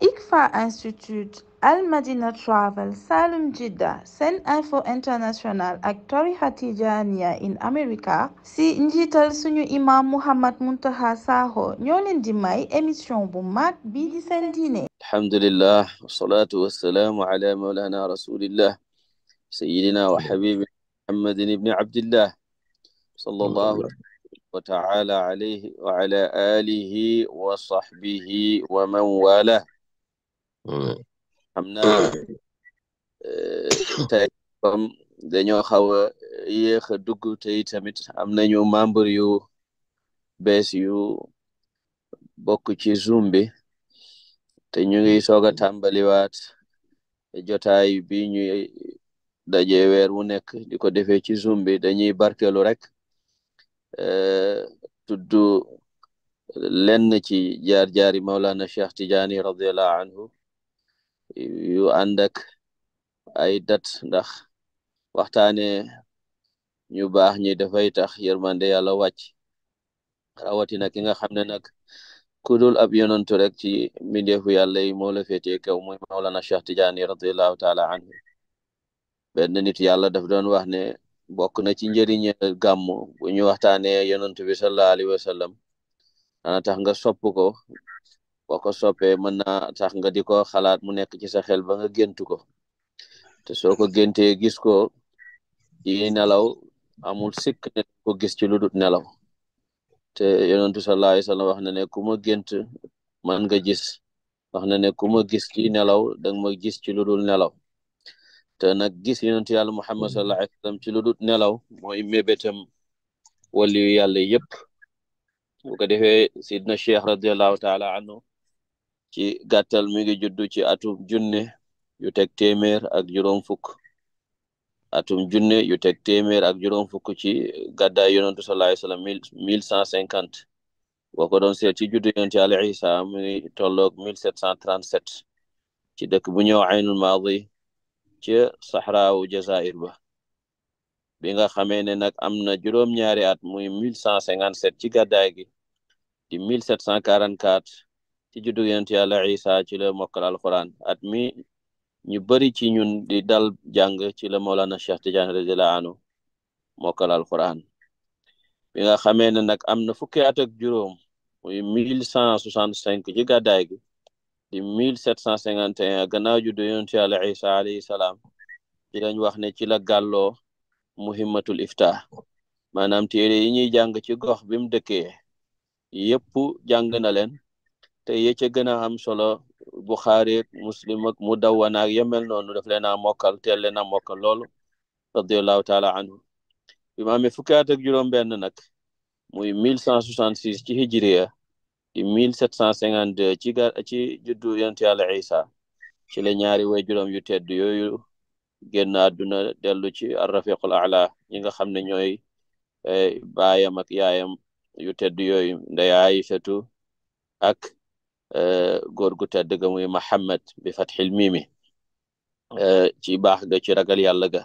ICFA Institute Al Madina Travel Salum Jidda Sen Info International ak tarixa Tijaaniya in America si njiital suñu imam Muhammad Muntaha Sakho ñoo leen di may émission bu mag bii di seen diine alhamdulillah wasalaatu wasalaamu ala mawlana rasulillah sayidina wa xabibina muhammadin ibni abdillah sallallahu wa taala alayhi wa ala alihi wa sahbihi wa man walah Mm. xam naa mm. tey comme dañoo xaw a yéex a dugg te tamit am nañu membre yu bes yu bokk ci Zoom bi te ñu ngi mm. soog a tàmbaliwaat jotaay bi ñuy daje weer wu nekk di ko defee ci Zoom bi dañuy barkeelu rek e, tudd lenn ci jaar-jaari Maulana Cheikh Tidiane radiallahu anhu yu ànd ak ay dat ndax waxtaane ñu baax ñi dafay tax yërmande yàlla wàcc rawatina ki nga xam ne nag kudul ab yonantu rek ci mbindeefu yàlla yi moo la féetee kaw muy Mawlana Cheikh Tidiane radiallahu taala anhu benn nit yàlla def doon wax ne bokk na ci njëriñ gàmm bu ñu waxtaanee yonantu bi sallallahu alayhi wa sallam tax nga sopp ko boo ko soppee mën naa tax nga di ko xalaat mu nekk ci sa xel ba nga géntu ko te soo ko géntee gis ko ci nelaw amul sikk ko gis ci lu nelaw te yonentu sallallahu alayhi wasallam wax na ne ku ma gént man nga gis wax na ne ku ma gis ki nelaw danga ma gis ci lu dul nelaw te nag gis yonentu yàlla muhammad sallallahu alayhi wasallam ci lu dul nelaw mooy mébétam waliyu yàlla yëpp bu ko defee sidna cheikh radiallahu taala anhu ci gàttal mi ngi juddu ci atum junne yu teg téeméer ak juróom fukk atum junne yu teg téeméer ak juróom fukk ci gàddaay yonentu sallallahu alayhi wasallam mille cent cinquante boo ko doon seet ci juddu yonent Yàlla Isa mi ngi tolloog mille sept cent trente sept ci dëkk bu ñëw Aynul Maadi ci saxraawu Jazair ba bi nga xamee ne nag am na juróom-ñaari at muy mille cent cinquante sept ci gàddaay gi di mille sept cent quarante quatre ci juddu yonent Isa ci la mokkal alquran at mi ñu bëri ci ñun di dal jàng ci la Mawlana Cheikh Tidiane radiyallahu anhu mokkal alquran bi nga xamee ne nag am na fukki at ak juróom muy mille cent soixante cinq ci gàddaay gi di mille sept cent cinquante un gannaaw juddu yonent yàlla Isa alayhi salaam ci lañ wax ne ci la gàlloo muhimmatul iftah maanaam téere yi ñuy jàng ci gox bi mu dëkkee yëpp jàng na leen te ye ca gën a am solo Buxaari ak Muslim ak Mudawwana ak yemel noonu daf leen a mokkal teel leen a mokkal loolu radiallahu taala anhu bi mu amee fukki at nag muy mille cent soixante six ci hijriya di mille sept cent cinquante deux ci ga ci juddu yonent yàlla Isa ci la ñaari way juróom yu tedd yooyu génn àdduna dellu ci arrafiqul ala ñi nga xam ne ñooy eh, baayam ak yaayam yu tedd yooyu nday Aysatu ak Eh, góor gu tedd ga muy Muhammad bi fatxil mimi mm-hmm. eh, ci baax ga ci ragal yàlla ga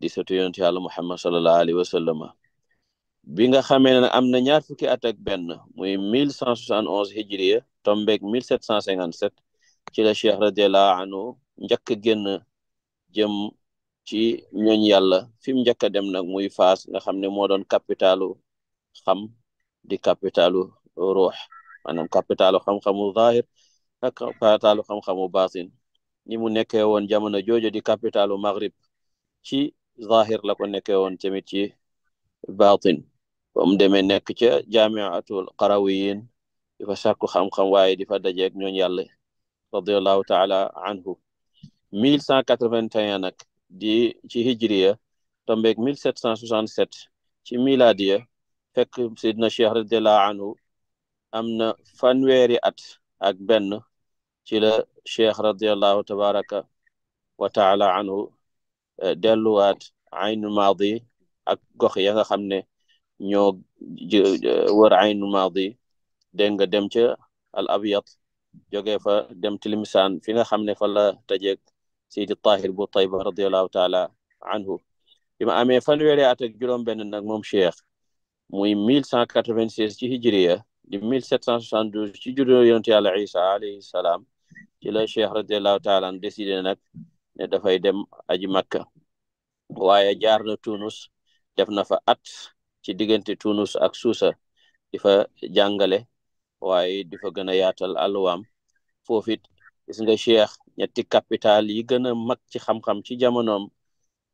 di sëtu yonent yàlla Muhammad sallallahu alayhi wa sallam bi nga xamee ne am na ñaar fukki at ak benn muy mille cent soixante onze hijriya tombeeg mille sept cent cinquante sept ci la cheikh radiallahu anhu njëkk génn jëm ci ñooñ yàlla fi mu njëkk a dem nag muy Faas nga xam ne moo doon capitalu xam di capitalu ruux maanaam capital xam-xamu zahir ak kapitaalu xam-xamu baatin ni mu nekkee woon jamono joojo di kapitaalu maghrib ci zahir la ko nekkee woon tamit ci baatin ba mu demee nekk ca jaamiatul qarawiyin di fa sàkku xam-xam waaye di fa dajeeg ñooñu yàlla radiallahu taala anhu mille cent quatre-vingt-un nag di ci hijriya tombeeg mille sept cent soixante-sept ci miladiya fekk sidna cheikh radiallahu anhu am na fanweeri at ak benn ci la cheikh tabaraka wa taala anhu eh, delluwaat aynu maadi ak gox ya nga xam ne ñoo wër aynu maadi dégg nga dem ca al abyad jóge fa dem tilmisaan fi nga xam ne fa la tajeeg sidi tahir bu tayba radiallahu taala anhu bi ma amee fanweeri at ak juróom benn nag moom cheikh muy mille cent quatre-vingt-seize ci hijriya mil mille sept cent soixante douze ci juddoo yonent yàlla isa alayhi salaam ci la cheikh radiallahu taala an décidé nag ne dafay dem aji makka waaye jaar na tunus def na fa at ci diggante tunus ak suusa difa fa jàngale waaye di fa gën a yaatal àlluwaam foofit gis nga cheikh ñetti capital yi gën a mag ci xam-xam ci jamonoom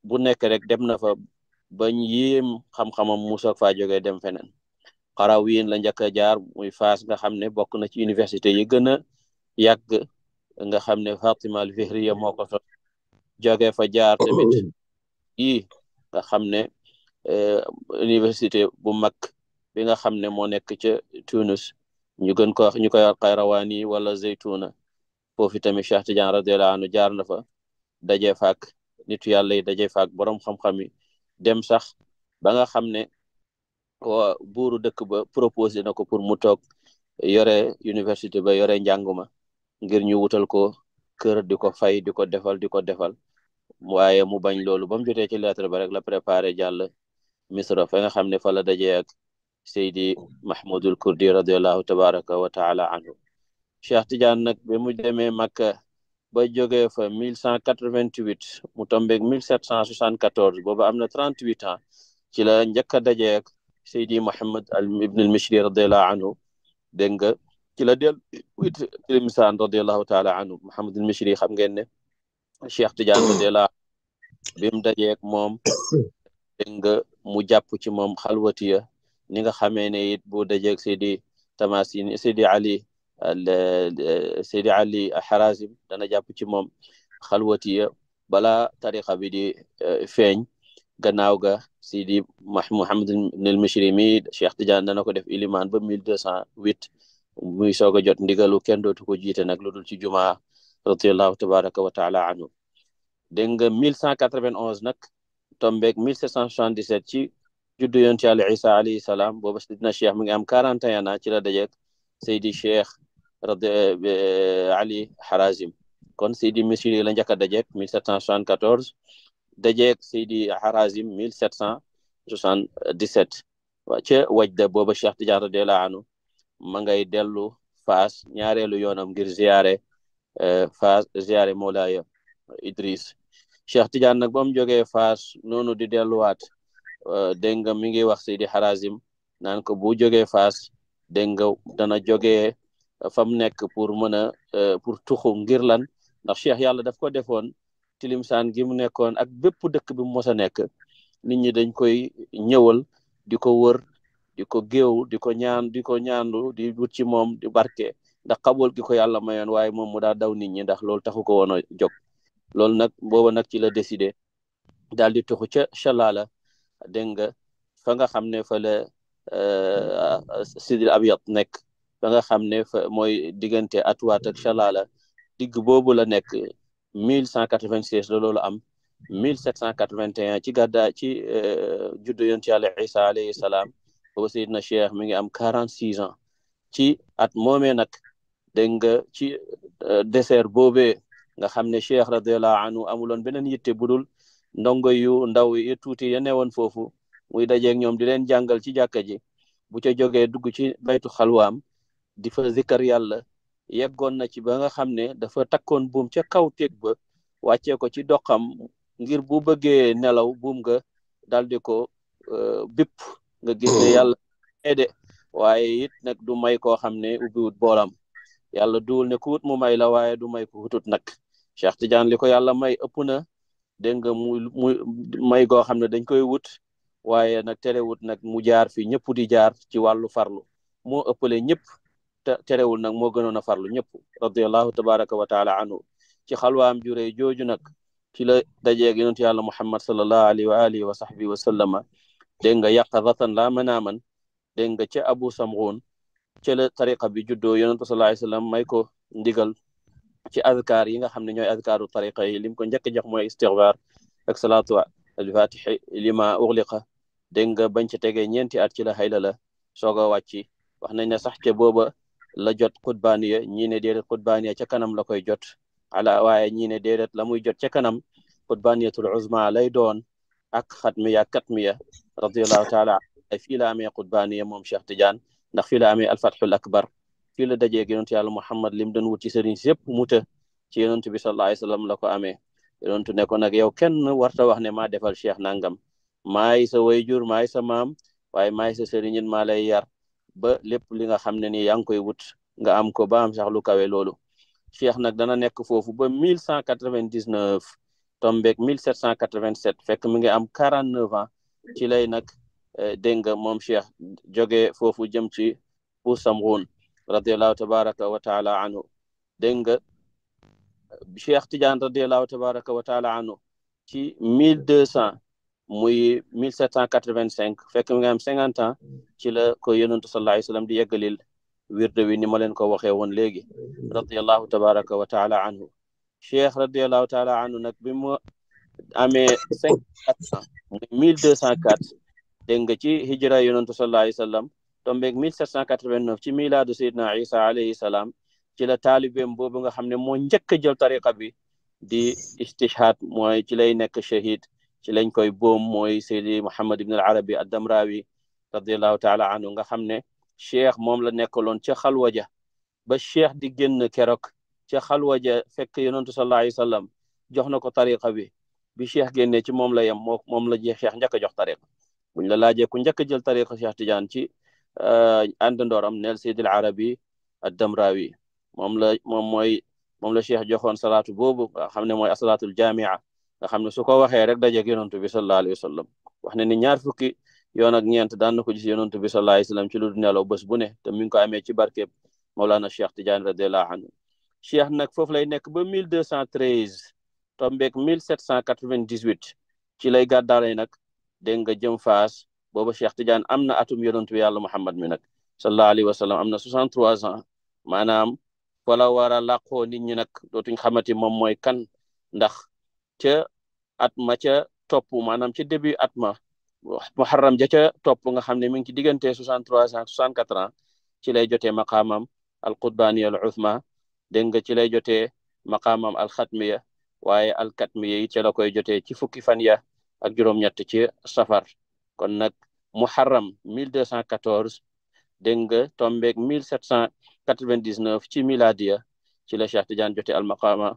bu nekk rek dem na fa bañ yéem xam-xamam musa faa jógee dem feneen xarawiin la njëkk a jaar muy Faas nga xam ne bokk na ci université yi gën a yàgg nga xam ne Fatima al-Fihriya moo ko sos joge fa jaar tamit yi nga xam ne eh, université bu mag bi nga xam ne moo nekk ca Tunis ñu gën ko wax ñu koy wax Qayrawani wala Zeytuna foofu tamit Cheikh Tidiane radiyallahu anhu jaar na fa daje faak nitu yàlla yi daje faak borom xam-xam yi dem sax ba nga ko buuru dëkk ba proposé na ko pour mu toog yore université ba yore njànguma ngir ñu wutal ko kër di ko fay di ko defal di ko defal waaye mu bañ loolu ba mu jotee ci lettre ba rek la préparé jàll misra fa nga xam ne fa la dajee ak Seydi Mahmoudul Kurdi radiallahu tabaraka wa taala anhu Cheikh Tidiane nag bi mu demee Makka ba jógee fa 1188 mu tombeeg 1774 booba am na 38 ans ci la njëkk a dajeek Seydi Mouhamed ibn al-Mishri radiyallahu anhu dégg nga ci la del it Limsaan radiyallahu taala anhu Mouhamed al-Mishri xam ngeen ne Cheikh Tidiane radiyallahu bi mu dajeeg moom dégg nga mu jàpp ci moom xalwatiya ni nga xamee ne it bu dajeeg Seydi Tamasin Seydi Ali euh, Seydi Ali Harazim dana jàpp ci moom xalwatiya bala tariqa bi di euh, feeñ gannaaw ga Sidi Mouhamed ibn al Mishrimi Cheikh Tidiane dana ko def ilimaan ba mille deux cent huit muy soog a jot ndigalu kenn dootu ko jiite nag lu dul ci jumaa radiallahu tabaraka wa taala anhu dégg nga mille cent quatre-vingt-onze nag tombeeg mille sept cent soixante-dix-sept ci juddu yonent Yàlla Isa alayhi salaam booba Sidina Cheikh mi ngi am quarante et un ans ci la dajeeg Seydi Cheikh radi eh, Ali Harazim kon Seydi Misri la njëkk a dajeeg mille sept cent quatorze dajeeg Seydi Harazim mille sept cent soixante-dix-sept waa Wajda booba Cheikh Tidiane dela anhu ma ngay dellu Faas ñaareelu yoonam ngir ziyaare eh, fas ziyaare Mawlaaya Idris Cheikh Tidiane nag ba mu jógee noonu di delluwaat eh, dégg nga mi ngi wax Seydi Harazim naan ko bu jógee Faas dégg nga dana jógee eh, fa mu nekk pour mën a pour tuxu ngir lan ndax Cheikh yàlla daf ko defoon tilimsaan gi mu nekkoon ak bépp dëkk bi mu mos a nekk nit ñi dañ koy ñëwal di ko wër di ko géew di ko ñaan di ko ñaandu di ci moom di barke ndax xabool gi ko yàlla mayoon waaye moom mu daa daw nit ñi ndax loolu taxu ko wono jog jóg loolu nag booba nag ci la décidé daal di tuxu ca chalaala dégg nga fa nga xam ne fa la euh, sidil abiyat nekk fa nga xam ne fa mooy diggante atwaat ak digg boobu la nekk mille cent quatre vingt seize la loolu am mille sept cent quatre vingt et un ci gàddaa ci euh, juddu yonent yàlla isa alayhi salaam booba na Cheikh mi ngi am quarante six ans ci at moomee nag dégg nga ci euh, désert boobee nga xam ne Cheikh radiallahu anhu amuloon beneen yitte budul ndongo yu ndaw yu tuuti yene newoon foofu muy dajeeg ñoom di leen jàngal ci jàkka ji bu ca jógee dugg ci baytu xalwaam di fa zikar yàlla yeggoon na ci ba nga xam ne dafa takkoon buum ca kaw teeg ba wàccee ko ci doxam ngir bu bëggee nelaw buum ga daal di ko euh, bipp nga gis ne yàlla aide waaye it nag du may koo xam ne ubbiwut boolam yàlla duwul ne ku wut mu may la waaye du may ko wutut nag Cheikh Tidiane li ko yàlla may ëpp na dégg nga mu mu may goo xam ne dañ koy wut waaye nag wut nag mu jaar fi ñëpp di jaar ci wàllu farlu moo ëppale ñëpp terewul nag moo gënoon a farlu ñëpp radiallahu tabaraka wa taala anhu ci xalwaam juree jooju nag ci la dajeeg yonentu yàlla muhammad salallahu alayhi wa alihi wa sax bi sallama dégg nga yaqazatan laa manaaman dégg nga ca abu samxuun ca la tariqa bi juddoo yonentu salallahu alayhi wa sallam may ko ndigal ci azkaar yi nga xam ne ñooy azkaaru tariqa yi lim ko njëkk jox mooy istixfaar ak salaatu alfatixi lima uxliqa dégg nga bañ ci tegee ñeenti at ci la xayla la a wàcc la jot xutbaaniya ñii ne déedéet xutbaaniya ca kanam la koy jot ala waaye ñii ne déedéet la muy jot ca kanam xutbaaniyatul uzma lay doon ak xatmiya katmiya radiallahu taala a fii la amee xutbaaniya moom Cheikh Tidiane ndax fii la amee alfathul akbar fii la dajee yonent yàlla Muhammad lim doon wut ci sëriñ si yëpp mu të ci yonent bi sallallahu alayhi wasallam la ko amee yonent ne kon nag yow kenn warta wax ne maa defal Cheikh nangam maay sa wayjur maay sa maam waaye maay sa sëriñin maa lay yar ba lépp li nga xam ne ni yaa ngi koy wut nga am ko ba am sax lu kawe loolu Cheikh nag dana nekk foofu ba mille cent quatre-vingt-dix-neuf tombeek mille sept cent quatre-vingt-sept fekk mi ngi am quarante-neuf ans ci lay nag eh, dégg nga moom Cheikh joge foofu jëm ci bu Samghun radiallahu tabaraka wa taala anhu dégg nga Cheikh Tidiane radiallahu tabaraka wa taala anhu ci mille deux cent muy mille sept cent quatre vingt cinq fekk mi nga am cinquante ans ci la ko yonentu sallallahu alayhi di yeggalil wirde wi ni ma leen ko waxee woon léegi radiallahu tabaraka wa taala anhu cheikh radiallahu taala anhu nag bi mu amee cinquante ans deux cent quatre dégg nga ci hijra yonentu sallallahu alayhi wa sallam tombeeg mille sept cent quatre vingt neuf ci milaadu sayidna isa alayhi salaam ci la taalibeem boobu nga xam ne moo njëkk a jël tariqa bi di istishhaad mooy ci lay nekk shahid ci lañ koy boom mooy Seydi Mouhamed Ibn al Arabi ad-Damrawi radiallahu taala anhu nga xam ne cheikh moom la nekkaloon ca xalwa waja ba cheikh di génn keroog ca xalwa ja fekk yonentu sallallahu alayhi wasallam jox na ko tariqa bi bi cheikh génnee ci moom la yem moo moom la jeex cheikh njëkk a jox tariqa buñ la laajee ku njëkk a jël tariqa cheikh Tidiane ci euh, àndandooram neel Seydi al Arabi ad-Damrawi moom la moom mooy moom la cheikh joxoon salaatu boobu nga xam ne mooy asalaatul jamia nga xam ne su ko waxee rek dajeeg yonantu bi sallallahu alayhi wa sallam wax ne ni ñaar fukki yoon ak ñeent daan na ko gis bi sallallahu alayhi wa sallam ci lu dul nelaw bés bu ne te mi ngi ko amee ci barkeeb Mawlana Cheikh Tidiane radiallahu anhu Cheikh nag foofu lay nekk ba 1213 tombeeg 1798 ci lay gàddaale nag dégg nga jëm faas booba Cheikh Tidiane am na atum yonantu bi yàlla Muhammad mi nag sallallahu alayhi wa sallam am na 63 ans maanaam fa la war a làqoo nit ñi nag dootuñ xamati moom mooy kan ndax. ca at ma ca topp maanaam ci début at ma muharram ja ca topp nga xam ne mi ngi ci diggante 63 ans 64 ans ci lay jotee maqaamam al qutbaaniya al uthma dégg nga ci lay jotee maqaamam al xatmiya waaye al katmiya yi ca la koy jotee ci fukki fan ak juróom-ñett ci safar kon nag muharram 1214 dégg nga tombeeg 1799 ci miladiya ci la Cheikh Tidiane jotee al makama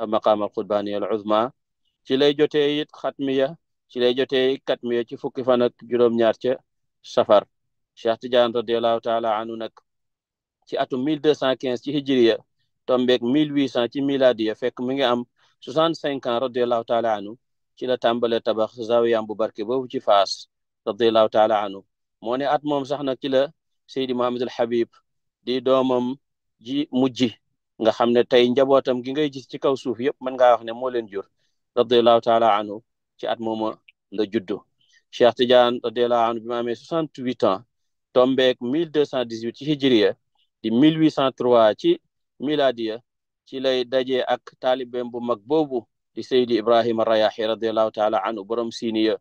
al maqaama al qutbaaniya al uthma ci lay jotee it xatmiya ci lay jotee katmiya ci fukki fan ak juróom ca safar Cheikh Tidiane radiallahu taala anhu nag ci atum mille deux cent quinze ci hijriya tombeeg mille huit cent ci miladiya fekk mi ngi am soixante cinq ans radiallahu taala anhu ci la tàmbale tabax zawiyam bu barke boobu ci fas faas radiallahu taala anhu moo ne at moom sax nag ci la Seydi Mohamadul Habib di doomam ji mujj nga xam ne tey njabootam gi ngay gis ci kaw suuf yëpp mën ngaa wax ne moo leen jur radiallahu taala anhu ci at mooma la juddu Cheikh Tidiane radiallahu anhu bi mu amee soixante huit ans tombeek mille deux cent dix huit ci hijriya di mille huit cent trois ci miladiya ci lay daje ak taalibeem bu mag boobu di Seydi Ibrahima Rayahi radiallahu taala anhu borom siiniya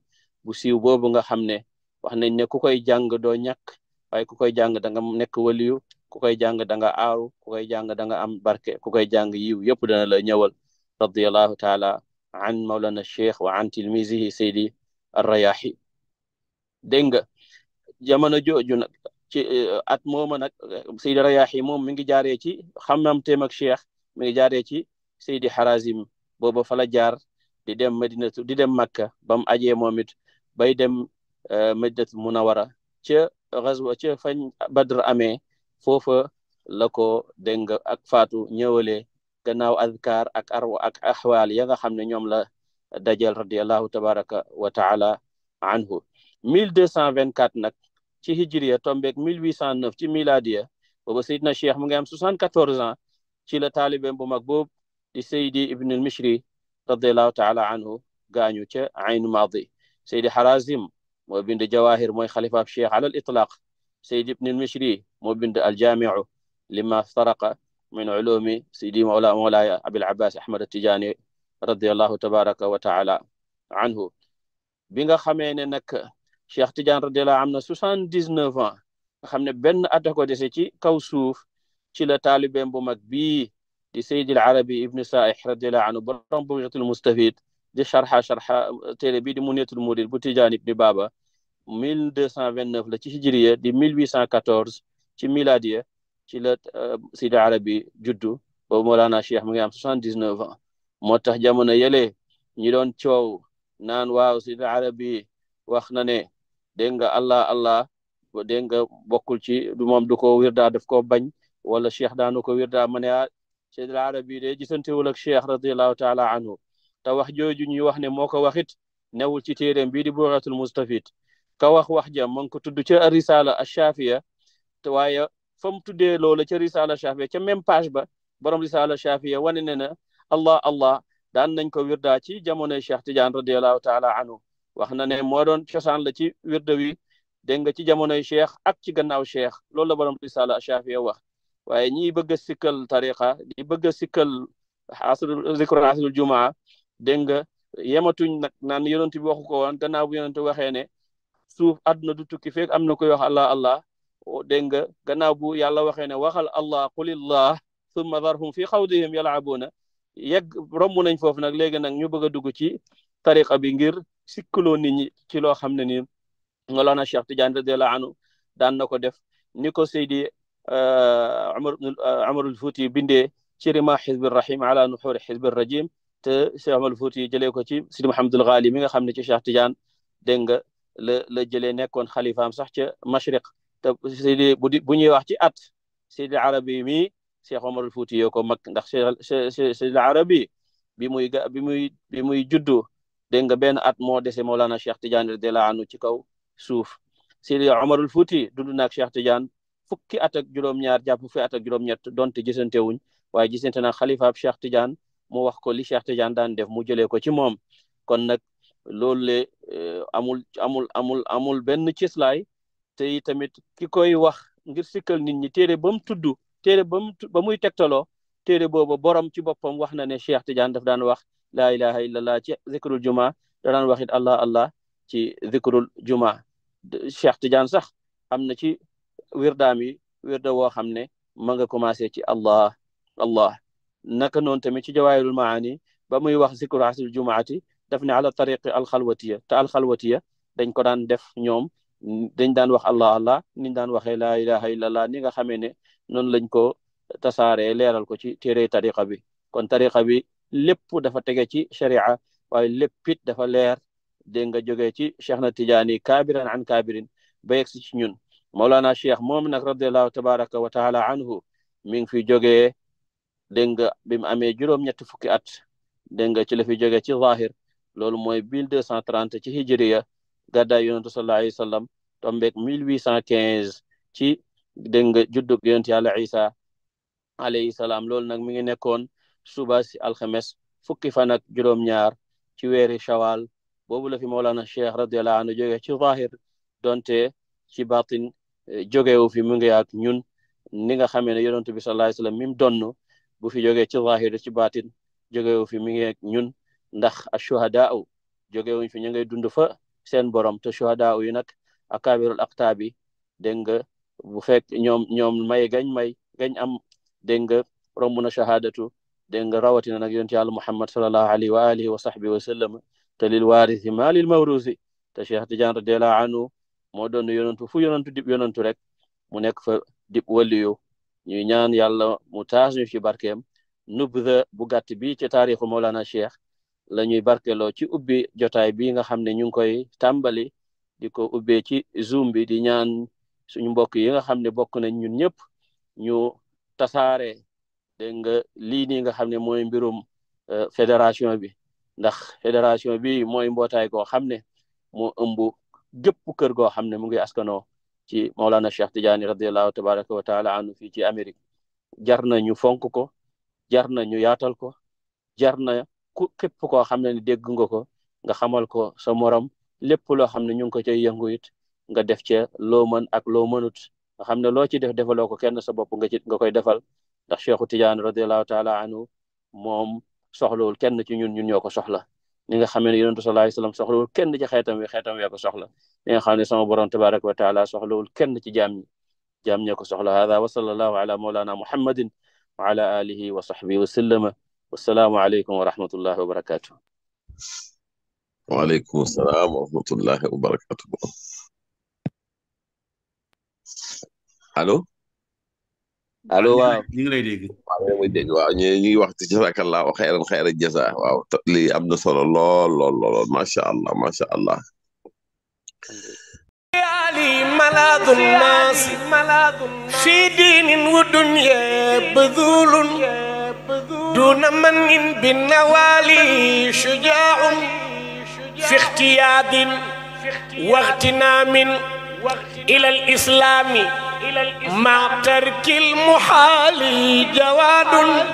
bu siiw boobu nga xam ne wax nañ ne ku koy jàng doo ñàkk waaye ku koy jàng da nga nekk waliyu ku koy jàng da nga aaru jàng da nga am barke ku koy jàng yiw yëpp dana la ñëwal radiallahu taala an maulana cheikh wa an tilmisihi seydi arrayahi dégg nga jamono jooju nag ci eh, at mooma nag eh, seydi rayahi moom mi ngi jaaree ci xamamteem ak cheikh mi ngi jaaree ci seydi harazim booba fala la jaar di dem madinatu di dem makka bam ajee moom bay dem eh, madinatu munawara ca gazwa ca fañ badr amee foofa la ko dégg nga ak faatu ñëwalee gannaaw adkaar ak ak axwaal ya nga xam ne ñoom la dajal radiallahu tabaraka wa taala anhu mille deux cent vingt quatre nag ci hijriya tombeeg mille huit cent neuf ci miladiya booba sayidna cheikh mu ngi am soixante quatorze ans ci la taalibeem bu mag boobu di saydi ibn al mishri radiallahu taala anhu gaañu ca ayn madi saydi harazim moo bind jawahir mooy xalifaab cheikh ala al itlaq bind al jaamiu lima taraqa min ulumi sidi mawla mawlaaya abil abbas ahmad tijaani radiallahu tabaraka wa taala anhu bi nga xamee ne nag cheikh tidiane radiallahu am na soixante dix neuf ans nga xam ne benn at ko dese ci kaw suuf ci la taalibeem bu mag bii di sayd al arabi ibnu saih radiallahu anhu borom bujatul mustafid di charxa charxa uh, téere bii di muniyatul murid bu tidiane ibni baaba mille deux cent vingt neuf la ci hijriya di mille huit cent quatorze ci miladiya ci la euh, Sidi Arabi juddu boobu na Cheikh mu ngi am soixante dix neuf ans moo tax jamono yële ñi doon coow naan waaw Sidi Arabi wax na ne dégg nga allah allah dégg nga bokkul ci du moom du ko wirda def ko bañ wala Cheikh daanu ko wirda ma ne ah Sidi Arabi de gisantewul ak Cheikh radiallahu taala anhu te wax jooju ñuy wax ne moo ko waxit newul ci téeréem bii di buuratul mustafid ka wax wax ja ma ngi ko tudd ca a achafiya te waaye fa mu tuddee loola ca risala chafiya ca même page ba borom risala chafiya wane ne na allah allah daan nañ ko wirda ci jamonoy Cheikh Tidiane radiallahu taala anhu wax na ne moo doon cosaan la ci wirda wi dégg nga ci jamonoy cheikh ak ci gannaaw cheikh loolu la borom risala chafiya wax waaye ñiy bëgg a sikkal tariqa di bëgg a sikkal asr zikru asrul jumaa dégg nga yematuñ nag naan yonent bi waxu ko woon gannaaw bu yonent waxee ne suuf àdduna du tukki feeg am na koy wax allah allah dégg nga gannaaw bu yàlla waxee ne waxal allah qulillah summa darhum fi xawdihim yalabuuna yegg romb nañ foofu nag léegi nag ñu bëgg a dugg ci tariqa bi ngir sikkaloo nit ñi ci loo xam ne nii ngaloona Cheikh Tidiane radiallahu anhu daan na ko def ni ko a euh, Umar euh, Umarul Fuuti bindee ci rima xizbi rahim ala nuxuri xizbi rajim te Cheikh Umarul Fuuti jëlee ko ci Sidi Mouhamadul Ghali mi nga xam ne ci Cheikh Tidiane dégg nga la la jëlee nekkoon xalifaam sax ca mashriq te Seydi bu ñuy wax ci at Seydi Arabi mii Cheikh Omarul Fouti yoo ko mag ndax Seydi Arabi bi muy ga bi muy bi muy juddu dégg nga benn at moo dese Mawlana Cheikh Tidiane radiyallahu anhu ci kaw suuf Seydi Omarul Fouti dund naag Cheikh Tidiane fukki at ak juróom-ñaar jàpp fukki ak juróom donte gisante wuñ waaye gisante xalifa xalifaab Cheikh Tidiane mu wax ko li Cheikh Tidiane daan def mu jëlee ko ci moom kon nag loolu le eh, amul amul amul amul benn cislaay te tamit ki koy wax ngir sikkal nit ñi téere ba mu tudd téere ba mu ba muy tegtaloo téere booba borom ci boppam wax na ne Cheikh Tidiane daf daan wax laa ilaha illallah ci zikrul juma da daan wax it allah allah ci zikrul juma Cheikh Tidiane sax am na ci wirdaam yi wirda woo xam ne ma nga commencé ci allah allah naka noonu tamit ci jawaahirul maani ba muy wax zikru asil jumaati daf ne ala tariqi alxalwatiya te alxalwatiya dañ ko daan def ñoom dañ daan wax allah allah niñ daan waxee laa ilaha illallah ni nga xamee ne noonu lañ ko tasaaree leeral ko ci téere tariqa bi kon tariqa bi lépp dafa tege ci sharia waaye lépp it dafa leer dégg nga jógee ci cheikh na tijaani kaabiran an kabirin ba si ci ñun Mawlana cheikh moom nag radiallahu tabaraka wa taala anhu mi ngi fi joge dégg nga bi mu amee juróom-ñetti fukki at dégg nga ci la fi jógee ci zahir loolu mooy 1230 ci hijriya gàddaay yonentu sallallahu alayhi wa sallam tombeeg mille huit cent quinze ci dégg nga juddug yonent yàlla isa alayhi salaam loolu nag mi ngi nekkoon suba si alxames fukki fan ak juróom-ñaar ci weeri shawal boobu la fi Mawlana Cheikh radiyallahu anhu jóge ci zahir donte ci batin eh, jógewu fi mu ngi ak ñun ni nga xamee ne yonentu bi sallallahu alayhi wa sallam mi mu fi jógee ci zahir ci batin jógewu fi mi ngi ak ñun ndax ashuhadaau jógewuñ fi ñu ngay dund fa sen borom te shuhadaa yu nag akaabirul aqtaabi dégg nga bu fekk ñoom ñoom may gañ may gañ am dégg nga romb na shahaadatu dégg nga rawatina nag yonent yàlla Muhammad sallallahu alayhi wa alihi wa sahbihi wa sallam te lil waarisi ma lil mawrusi te Cheikh Tidiane radiallahu anhu moo doon yonantu fu yonantu dib yonantu rek mu nekk fa dib waliyu ñuy ñaan yàlla mu taas ñu ci barkeem nubda bu gàtt bi ci taarixu Cheikh la ñuy barkeloo ci ubbi jotaay bi nga xam ne ñu ngi koy tàmbali di ko ubbee ci zoom bi di ñaan suñu mbokk yi nga xam ne bokk nañ ñun ñëpp ñu tasaare dégg nga lii nii nga xam ne mooy mbirum euh, fédération bi ndax fédération bi mooy mbootaay goo xam ne moo ëmb gépp kër goo xam ne mu ngi askanoo ci Maulana Cheikh Tidiane radiallahu tabaraka wa taala anhu fii ci Amérique jar na ñu fonk ko jar na ñu yaatal ko jar na ku képp koo xam ne dégg nga ko nga xamal ko sa morom lépp loo xam ne ñu ngi ko cay yëngu it nga def ca loo mën ak loo mënut nga xam ne loo ci def defaloo ko kenn sa bopp nga ci nga koy defal ndax Cheikhu Tidiane radiallahu taala anhu moom soxlawul kenn ci ñun ñun ñoo ko soxla ni nga xamee ne yonentu sallallahu alayhi wasallam soxlawul kenn ci xeetam wi xeetam wee ko soxla li nga xam ne sama borom tabaraka wa taala soxlawul kenn ci jaam ñi jaam ko soxla hada wa sallallahu ala maulana muhammadin wa ala alihi wa sahbihi wa sallama wasalaamualeykum wa rahmatullahi wa barakaatu. waaleykum salaam wa rahmatullahi wa barakaatu. allo. allo waaw ñu ngi lay dégg. waaw ñu ngi dégg waaw ñu ngi wax ci jazakallahu xayran xayra jaza waaw lii am na solo lool lool lool macha allah macha allah. ملاذ الناس في دين ودنيا بذول دون من بالنوالي شجاع في اختياد واغتنام إلى الإسلام مع ترك المحال جواد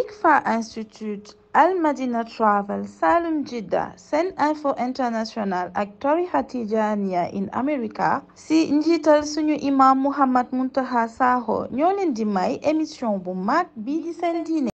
ICFA Institute Al Madina Travel Salum Jidda Sen Info International ak tarixa Tijaaniya in America si njiital suñu imam Mouhamed Muntaha Sakho ñoo di may émission bu mag bii di seen diine